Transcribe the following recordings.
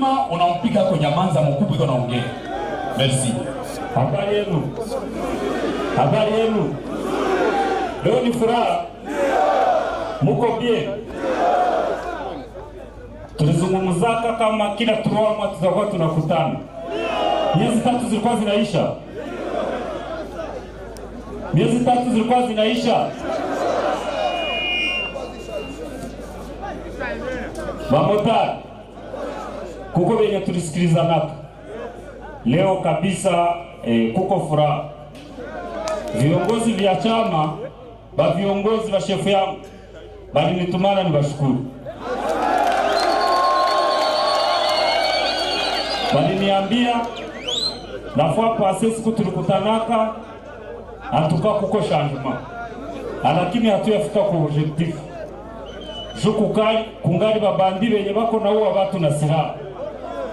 Dodoma unampiga Konyamanza mkubwa iko naongea. Merci. Habari yenu? Habari yenu? Leo ni furaha. Muko bien? Tulizungumzaka kama kila troma tutakuwa tunakutana. Miezi tatu zilikuwa zinaisha. Miezi tatu zilikuwa zinaisha. Mamotari kuko venye tulisikirizanaka leo kabisa eh, kuko furaha viongozi vya chama ba viongozi wa shefu yangu balinitumana ni bashukuru, baliniambia nafua pase siku tulikutanaka atuka kuko shanjuma, lakini hatuyafika kwa objectif juu kungali babandi benye bako nauwa watu na silaha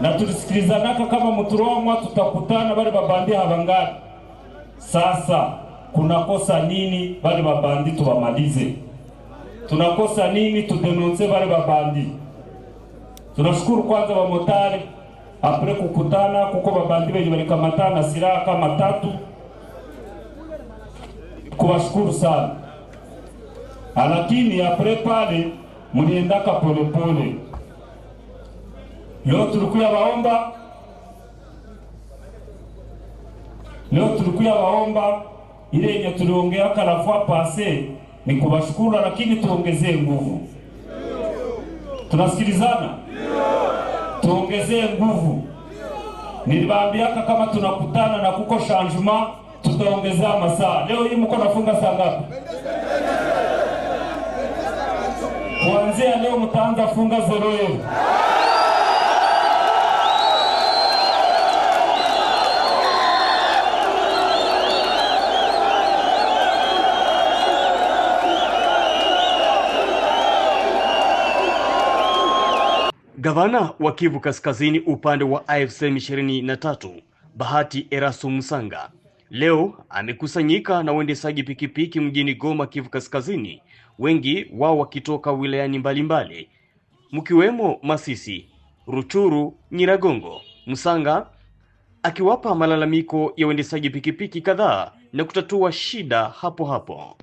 na tulisikirizanaka kama muturomwa tutakutana bali babandi habangani. Sasa kunakosa nini bali babandi tubamalize? Tunakosa nini tudenonse bali babandi? Tunashukuru kwanza bamotari apre kukutana kuko babandi benye balikamatana na silaha kama tatu, kubashukuru sana, lakini apre pale muliendaka polepole leo tulikuya waomba leo tulikuya waomba ile yenye tuliongea kalafua pase ni kubashukuru, lakini tuongezee nguvu. Tunasikilizana, tuongezee nguvu. Nilibaambiaka kama tunakutana na kuko shanjuma, tutaongezea masaa. Leo hii mko nafunga saa ngapi? Kuanzia leo mtaanza funga zero. Gavana wa Kivu Kaskazini upande wa AFC M23 Bahati Erasu Musanga leo amekusanyika na waendeshaji pikipiki mjini Goma, Kivu Kaskazini, wengi wao wakitoka wilayani mbalimbali mkiwemo Masisi, Ruchuru, Nyiragongo. Musanga akiwapa malalamiko ya waendeshaji pikipiki kadhaa na kutatua shida hapo hapo.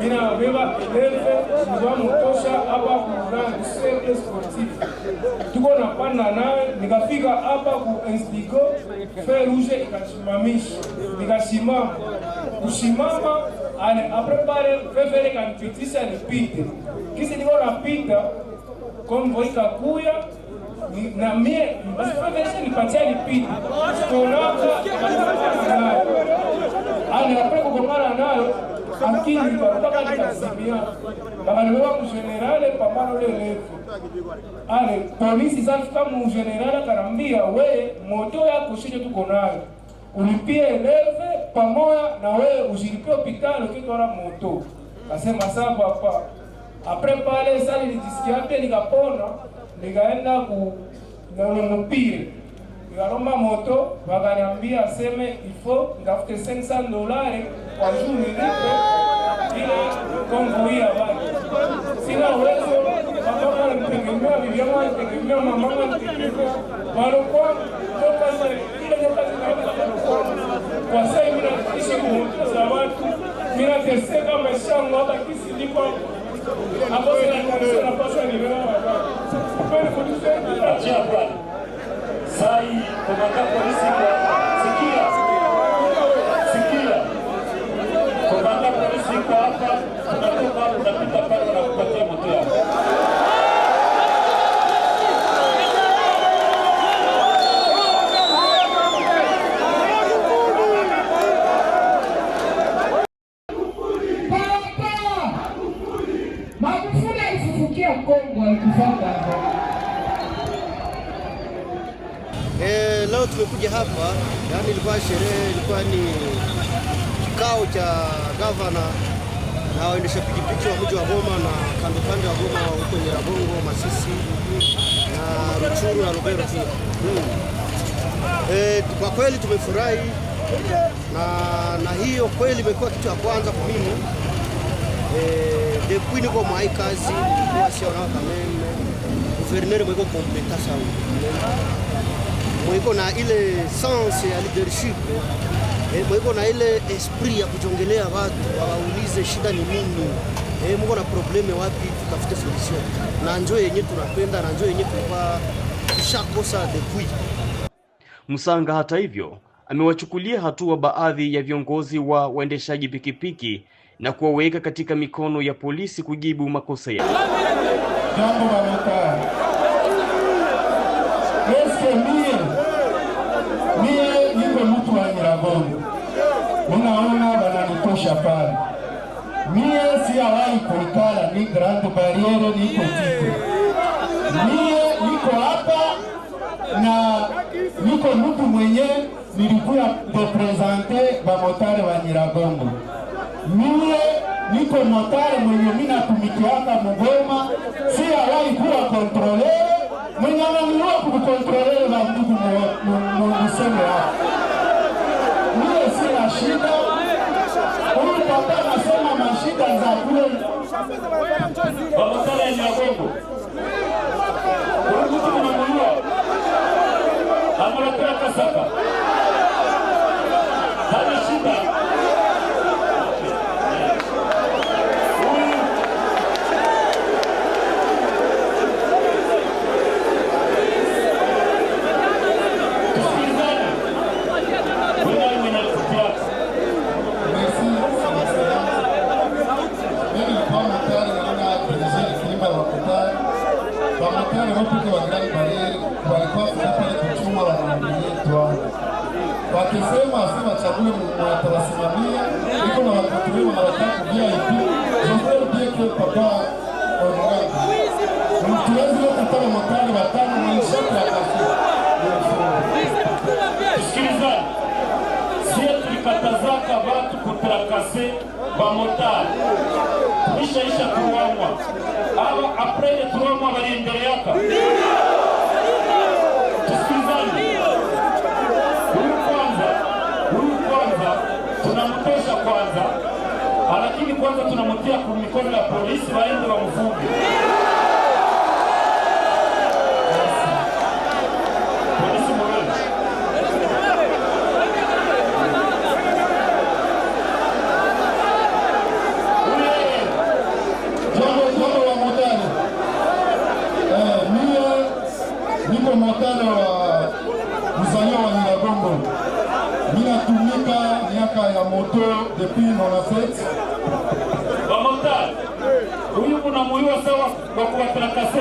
vinawabeba eleve nikamutosha hapa ku sele sportif, tuko napanda nawe. Nikafika hapa ku instigo fe rouge ikashimamisha, nikasimama kushimama ane aprepare fefele kanipitisha nipite, kisi niko napita komvoikakuya na mie basi nipatia nipite konaka anaapre kukomana nayo amkini barabara ikasimama kama nimewa mgenerale pambano lerefu ale polisi sasa, kama mgenerale akanambia we moto yako shije tuko nayo ulipie eleve pamoja na wewe usilipie hospitali ukitwara moto. Kasema sasa hapa apre pale sasa nilijisikia pia nikapona, nikaenda ku na mpire nikaromba moto, wakaniambia aseme ifo ngafute 500 dolari wazuri nipo ili kumvuia watu. Sina uwezo watoka nitegemea vijana, nitegemea mamama, nitegemea walikuwa toka ile nyoka zinaoka kwa sasa hivi naishi kumoja za watu, ninateseka maisha yangu hata kisi nipo hapo, sina napaswa nimeona watu kweli kutusaidia. Achia bwana sai komanda polisi kwa unatoka hapa, unatoka hapa, pale, wanakupatia moto yako. leo tumekuja hapa, yaani ilikuwa sherehe, ilikuwa ni kikao cha gavana na waendesha pikipiki wa mji wa Goma na kando kando ya Goma huko Nyiragongo, Masisi na Ruchuru na Lubero pia. Hmm. E, kwa kweli tumefurahi na, na hiyo kweli imekuwa kitu ya kwanza kwa mimi eh, depuis niko mwai kazi asianawakameme guverneri mwiko kompeta sana mwiko na ile sense ya leadership E, eh, mwiko na ile esprit ya kujongelea watu wawaulize shida ni nini, e, mko na probleme wapi, tutafute solution na njo yenye tunapenda na njo yenye tulikuwa tushakosa depuis. Musanga. hata hivyo amewachukulia hatua baadhi ya viongozi wa waendeshaji pikipiki na kuwaweka katika mikono ya polisi kujibu makosa yao. chapari mie siyawahi kuikala ni Grand Bariere, niko tike mie niko hapa na niko mtu mwenye nilikuya reprezante motare wa Nyiragongo. Mie niko motare mwenye minatumikiaka Mugoma, siyawahi kuwa kontrolere mwenye ananiua kukontrolere wa ndugu mwenye mwenye mwenye mwenye shida Kongo kaze bamotari bishaisha kuwawa aba aprele turoma bari imbere yaka tusikizane huyu kwanza huyu kwanza tunamtosha kwanza lakini kwanza tunamtia kumikono ya polisi waende wamfunge montagne euh, mzali wa nyiragongo ninatumika miaka ya moto depuis 97 bamontagne uyu kuna muyiwa sawa bakubatrakase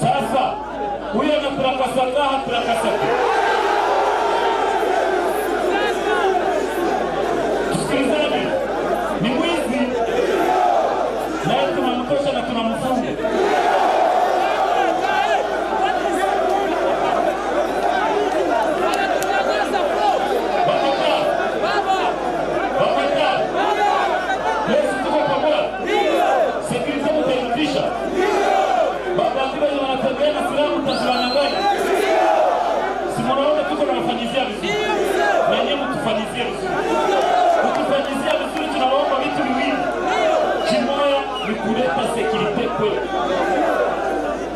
Sasa huyo anakurakasaka hakurakasaka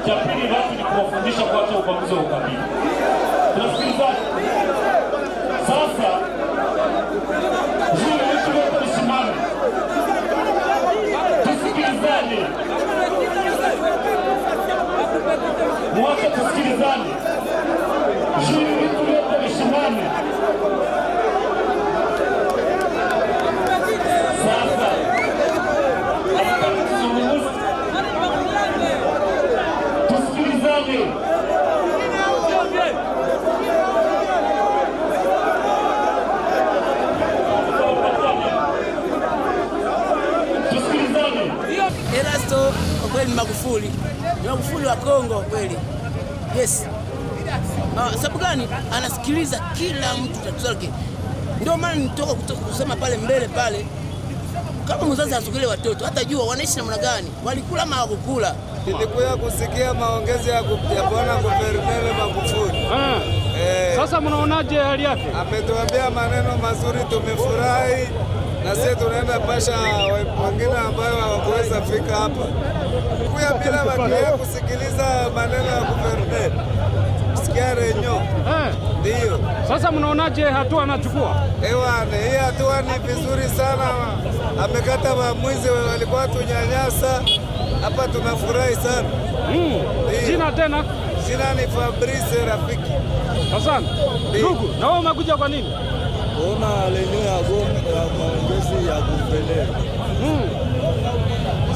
Cha pili watu ni kuwafundisha kuacha ubaguzi wa ukabila. Tunasikilizaje? Sasa zuri yetu yote isimame, tusikilizane, mwache tusikilizane. Magufuli, Magufuli wa Kongo kweli. Yes. Uh, sababu gani? Anasikiliza kila mtu tatizo lake. Ndio maana nitoka kusema pale mbele pale, kama mzazi asogele watoto, hata jua wanaishi namna gani, walikula ama hawakukula. Nilikuja kusikia maongezi ya bwana Guverneri Magufuli. Ah. Eh, sasa mnaonaje hali yake? Ametuambia maneno mazuri, tumefurahi na sisi tunaenda pasha wengine ambayo Tunafika hapa kuya bila makia kusikiliza maneno ya guverne sikia renyo eh. ndiyo. Sasa mnaonaje hatua anachukua? Ewane, hii hatua ni vizuri sana, amekata waamuzi walikuwa tunyanyasa hapa, tunafurahi sana mm. Jina tena jina ni Fabrice Rafiki. Asante ndugu. Na wewe umekuja kwa nini? Ona lenyo ya maongezi ya guverne hmm.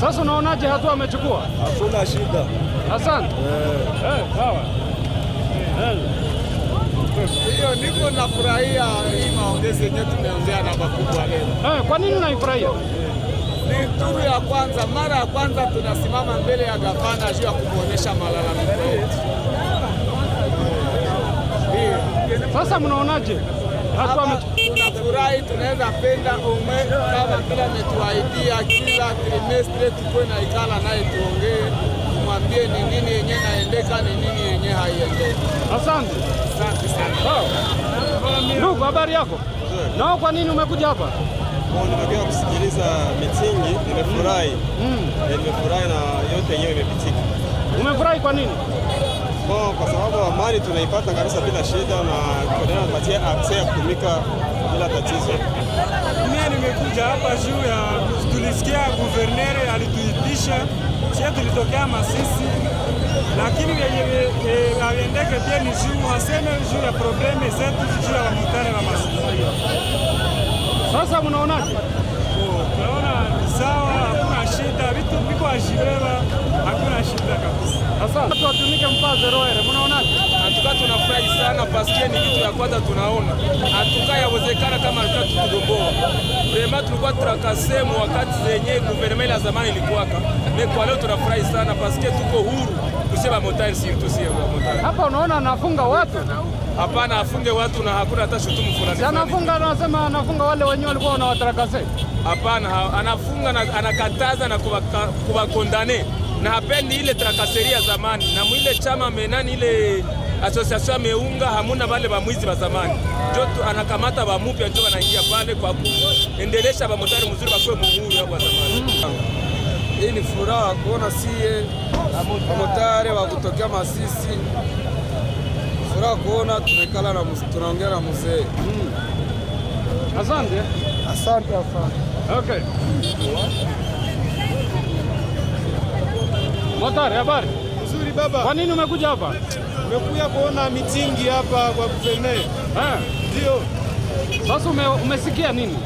Sasa unaonaje hatua amechukua? Hakuna shida. Asante. Eh. Eh, sawa. Hiyo niko nafurahia hii maongezi yenyewe tumeongea na makubwa leo. Eh, kwa nini unaifurahia? Ni turu ya kwanza, mara ya kwanza tunasimama mbele ya gavana juu ya kuonyesha malalamiko yetu. Sasa mnaonaje? Hatua amechukua tunafurahi, tunaweza penda ume kama kila ametuahidia kila trimestre tukuwe na ikala naye tuongee, tumwambie ni nini yenye naendeka, ni nini yenye haiendeki. Asante, asante sana. Ndugu, habari yako? Nao kwa nini umekuja hapa? Nimekuja kusikiliza mitingi, nimefurahi. Mm. Nimefurahi na yote yenyewe imepitika. Umefurahi kwa nini? Kwa sababu amani tunaipata kabisa bila shida, na tunapatia akse ya kutumika bila tatizo. Mimi nimekuja hapa juu ya tulisikia guverner alituitisha sie, tulitokea Masisi, lakini yenye aendeke pia ni juu haseme juu ya probleme zetu juu ya wamutane wa Masisi. Sasa mnaona oh, Tunaona sawa, hakuna shida, vitu viko ajibeba, hakuna shida kabisa. tunafurahi sana paske ni kitu ya kwanza tunaona hatukaa inaonekana kama alikuwa tutugomboa vrema, tulikuwa turakase mwakati zenye guvernema ila zamani ilikuwaka. Kwa leo tunafurahi sana paske tuko huru kusema motari sirtusie motari hapa. Unaona anafunga watu hapana, afunge watu na hakuna hata shutumu fulani. Anafunga anasema anafunga wale wenyewe walikuwa wanawatakase. Hapana, anafunga na anakataza na kubakondane na hapendi ile trakaseria zamani na mwile chama menani ile association ameunga hamuna vale vamwizi va zamani, njo anakamata vamupya njo wanaingia pale kwa kuendelesha vamotari mzuri wakiwe muhuru ya kwa zamani. Hii ni furaha kuona siye vamotari wa kutokea Masisi, furaha kuona tumekala na tunaongea na mzee. Hmm. Asante, asante, asante. Okay. Motari, habari? Nzuri baba. Kwa nini umekuja hapa? Tumekuja kuona mitingi hapa kwa kufene. ndio. Sasa ume, umesikia nini?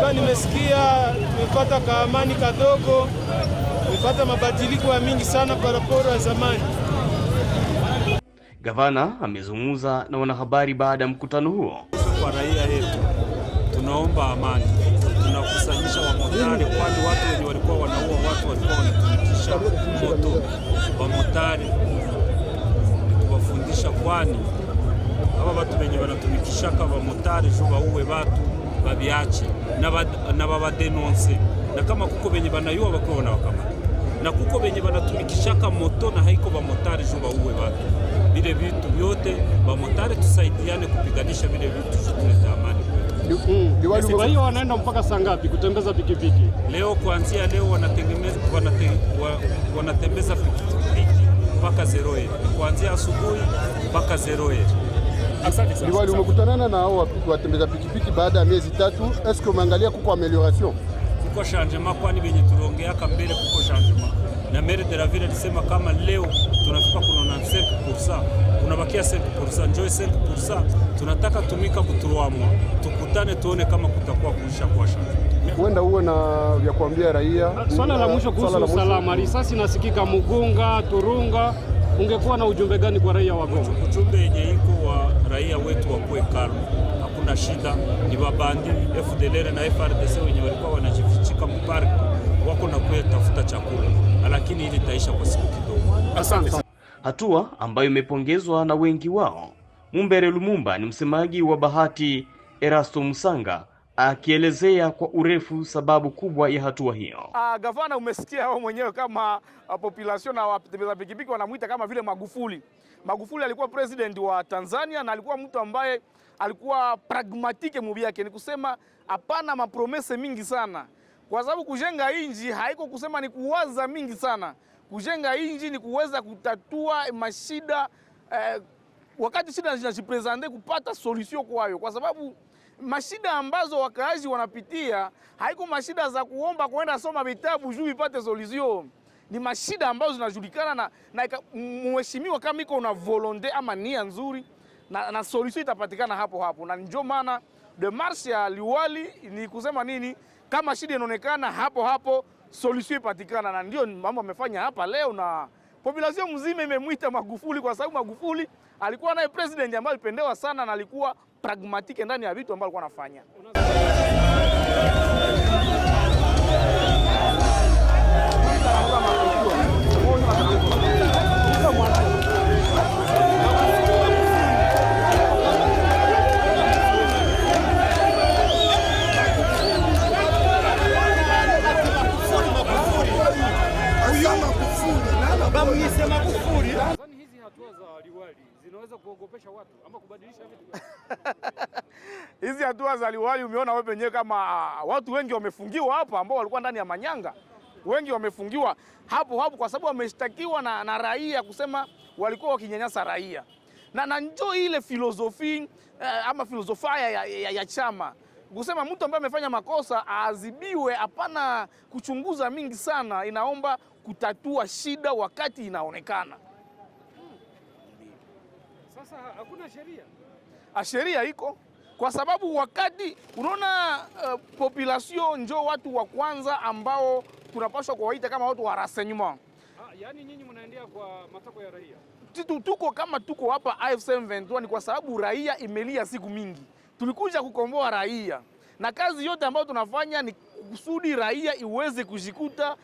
Kwa nimesikia nimepata kaamani kadogo, nimepata mabadiliko ya mingi sana kwa raporo ya zamani. Gavana amezungumza na wanahabari baada ya mkutano huo. Kwa raia yetu tunaomba amani, tunakusanyisha wamotari, kwani watu wenye walikuwa wanaua watu walikuwa wanatumikisha moto wamotari batumikisha kwani aba batu benye banatumikishaka abamotari ejo bawuwe batu babiache na baba denonce na kama kuko benye banayuwa bakuwe banabakamata na kuko benye banatumikishaka moto na haiko ba bamotari ejo bawuwe batu bile vitu vyote motari tusaidiane kupiganisha bile vitu tuleta amani. Kwa mm, hiyo wanaenda mpaka saa ngapi kutembeza pikipiki leo? Kuanzia leo wanatengemeza wanatembeza pikipiki mpaka zero, kuanzia asubuhi mpaka zero ye. Liwali, umekutanana na hao watembeza pikipiki baada ya miezi tatu, que umeangalia kuko amelioration? Kuko changement, kwani venye tulongeaka mbele kuko changement na mere de la ville alisema kama leo tunafika kuna 5 kunabakia 5% njoo 5% tunataka tumika kutuamwa tukutane tuone kama kutakuwa kuisha kuasha. Huenda uwe na vya kuambia raia. Swala la mwisho kuhusu usalama, risasi nasikika Mugunga, Turunga ungekuwa na ujumbe gani kwa raia wa Goma? Ujumbe yenye iko wa raia wetu wakuwe karu, hakuna shida. Ni wabandi FDLR na FRDC wenye walikuwa wanajifichika mpark, wako na kuye tafuta chakula, lakini ili taisha kwa siku kidogo. Asante. Hatua ambayo imepongezwa na wengi wao. Mumbere Lumumba ni msemaji wa Bahati Erasto Musanga akielezea kwa urefu sababu kubwa ya hatua hiyo. Ah, gavana, umesikia wao mwenyewe kama ah, population na watembeza pikipiki wanamuita kama vile Magufuli. Magufuli alikuwa president wa Tanzania na alikuwa mtu ambaye alikuwa pragmatike mubi yake, ni kusema hapana mapromese mingi sana, kwa sababu kujenga inji haiko kusema ni kuwaza mingi sana. Kujenga inji ni kuweza kutatua mashida eh, wakati shida zinajipresente kupata solution kwayo, kwa sababu mashida ambazo wakaazi wanapitia haiko mashida za kuomba kwenda soma vitabu juu ipate solution. Ni mashida ambazo zinajulikana na, na mheshimiwa kama iko na volonte ama nia nzuri na, na solution itapatikana hapo hapo, na ndio maana demarche ya liwali ni kusema nini, kama shida inaonekana hapo hapo solution ipatikana, na ndio mambo amefanya hapa leo na population mzima imemwita Magufuli kwa sababu Magufuli alikuwa naye president ambaye alipendewa sana na alikuwa pragmatike ndani ya vitu ambavyo alikuwa anafanya. za umeona wewe mwenyewe kama ah, ah, watu wengi wamefungiwa hapa ambao walikuwa ndani ya manyanga, wengi wamefungiwa hapo hapo kwa sababu wameshtakiwa na, na raia kusema walikuwa wakinyanyasa raia na na njo ile filosofi eh, ama filosofia ya, ya, ya chama kusema mtu ambaye amefanya makosa aadhibiwe, hapana kuchunguza mingi sana. Inaomba kutatua shida wakati inaonekana. Hmm. Sasa hakuna sheria, ah, sheria iko kwa sababu wakati unaona uh, population njo watu wa kwanza ambao tunapaswa kuwaita kama watu wa renseignement. Ah, yani nyinyi mnaendea kwa matakwa ya raia. Titu, tuko kama tuko hapa AFC M23 ni kwa sababu raia imelia siku mingi, tulikuja kukomboa raia na kazi yote ambayo tunafanya ni kusudi raia iweze kujikuta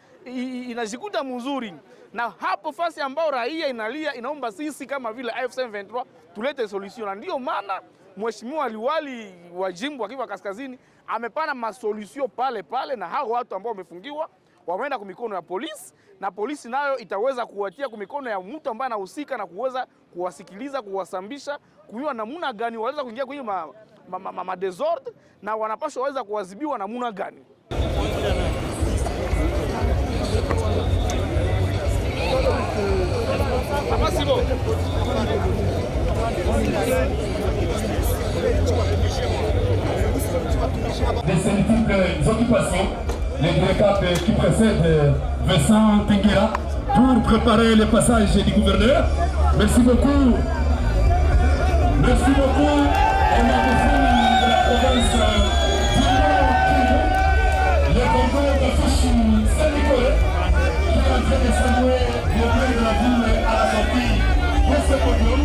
inajikuta mzuri, na hapo fasi ambao raia inalia inaomba sisi kama vile AFC M23 tulete solution, na ndio maana mheshimiwa liwali wa jimbo akiwa Kaskazini amepana masolusio pale pale, na hao watu ambao wamefungiwa wameenda kwa mikono ya polisi, na polisi nayo itaweza kuwatia kwa mikono ya mtu ambaye anahusika na kuweza kuwasikiliza, kuwasambisha, kujua namna gani waweza kuingia kwenye ma, ma, ma, ma, ma desordre na wanapaswa waweza kuadhibiwa namna gani. de ces multiples occupations, les deux qui précèdent euh, Vincent Tenguera pour préparer le passage du gouverneur. Merci beaucoup. Merci beaucoup. On a de la province euh, du le de Fichu Saint-Nicolas, qui est en train de saluer le maire de la ville à la sortie de ce podium.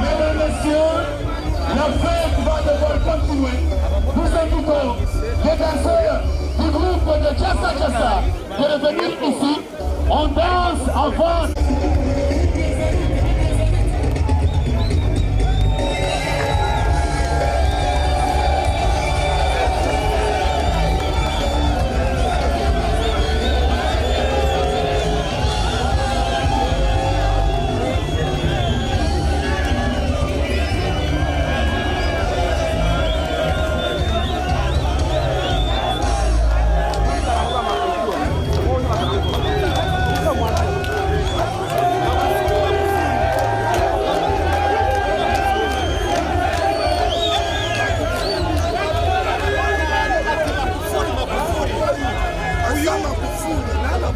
Mesdames, Messieurs, la fête va devoir continuer nous invitons les danseurs du groupe de Chassa Chassa de revenir ici. On danse avant.